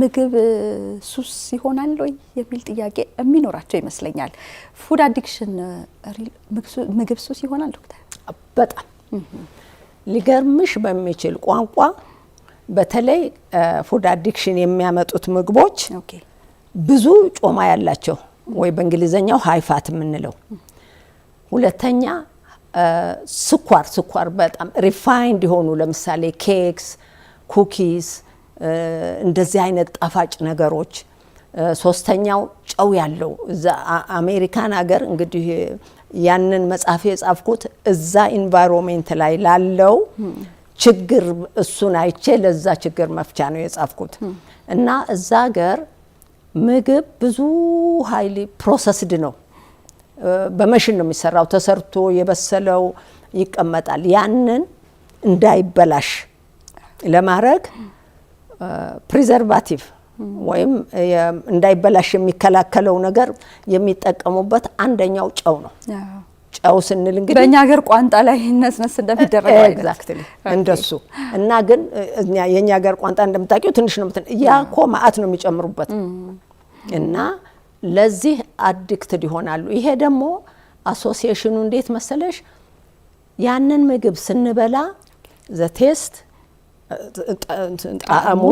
ምግብ ሱስ ይሆናል ወይ የሚል ጥያቄ የሚኖራቸው ይመስለኛል። ፉድ አዲክሽን ምግብ ሱስ ይሆናል ዶክተር? በጣም ሊገርምሽ በሚችል ቋንቋ በተለይ ፉድ አዲክሽን የሚያመጡት ምግቦች ብዙ ጮማ ያላቸው ወይ በእንግሊዘኛው ሀይፋት የምንለው ሁለተኛ ስኳር ስኳር በጣም ሪፋይንድ የሆኑ ለምሳሌ ኬክስ፣ ኩኪስ እንደዚህ አይነት ጣፋጭ ነገሮች። ሶስተኛው ጨው ያለው አሜሪካን ሀገር እንግዲህ ያንን መጽሐፍ የጻፍኩት እዛ ኢንቫይሮንሜንት ላይ ላለው ችግር እሱን አይቼ ለዛ ችግር መፍቻ ነው የጻፍኩት እና እዛ ሀገር ምግብ ብዙ ሀይሊ ፕሮሰስድ ነው። በመሽን ነው የሚሰራው። ተሰርቶ የበሰለው ይቀመጣል። ያንን እንዳይበላሽ ለማድረግ ፕሪዘርቫቲቭ ወይም እንዳይበላሽ የሚከላከለው ነገር የሚጠቀሙበት አንደኛው ጨው ነው። ጨው ስንል እንግዲህ በእኛ ሀገር ቋንጣ ላይ ነስነስ እንደሚደረግ ኤግዛክትሊ እንደሱ እና ግን የእኛ ሀገር ቋንጣ እንደምታውቂው ትንሽ ነው። ያ እኮ ማአት ነው የሚጨምሩበት እና ለዚህ አዲክትድ ይሆናሉ። ይሄ ደግሞ አሶሲሽኑ እንዴት መሰለሽ ያንን ምግብ ስንበላ ዘ ቴስት ጣዕሙ፣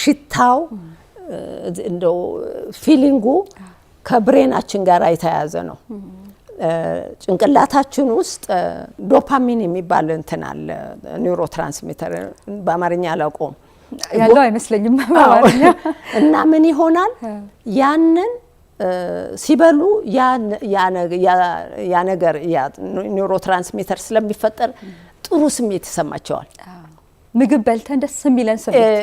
ሽታው፣ እንደው ፊሊንጉ ከብሬናችን ጋር የተያያዘ ነው። ጭንቅላታችን ውስጥ ዶፓሚን የሚባል እንትን አለ፣ ኒውሮ ትራንስሚተር በአማርኛ አላውቀውም ያለው አይመስለኝም እና ምን ይሆናል ያንን ሲበሉ ያ ነገር ኒውሮ ትራንስሚተር ስለሚፈጠር ጥሩ ስሜት ይሰማቸዋል። ምግብ በልተን ደስ የሚለን ስሜት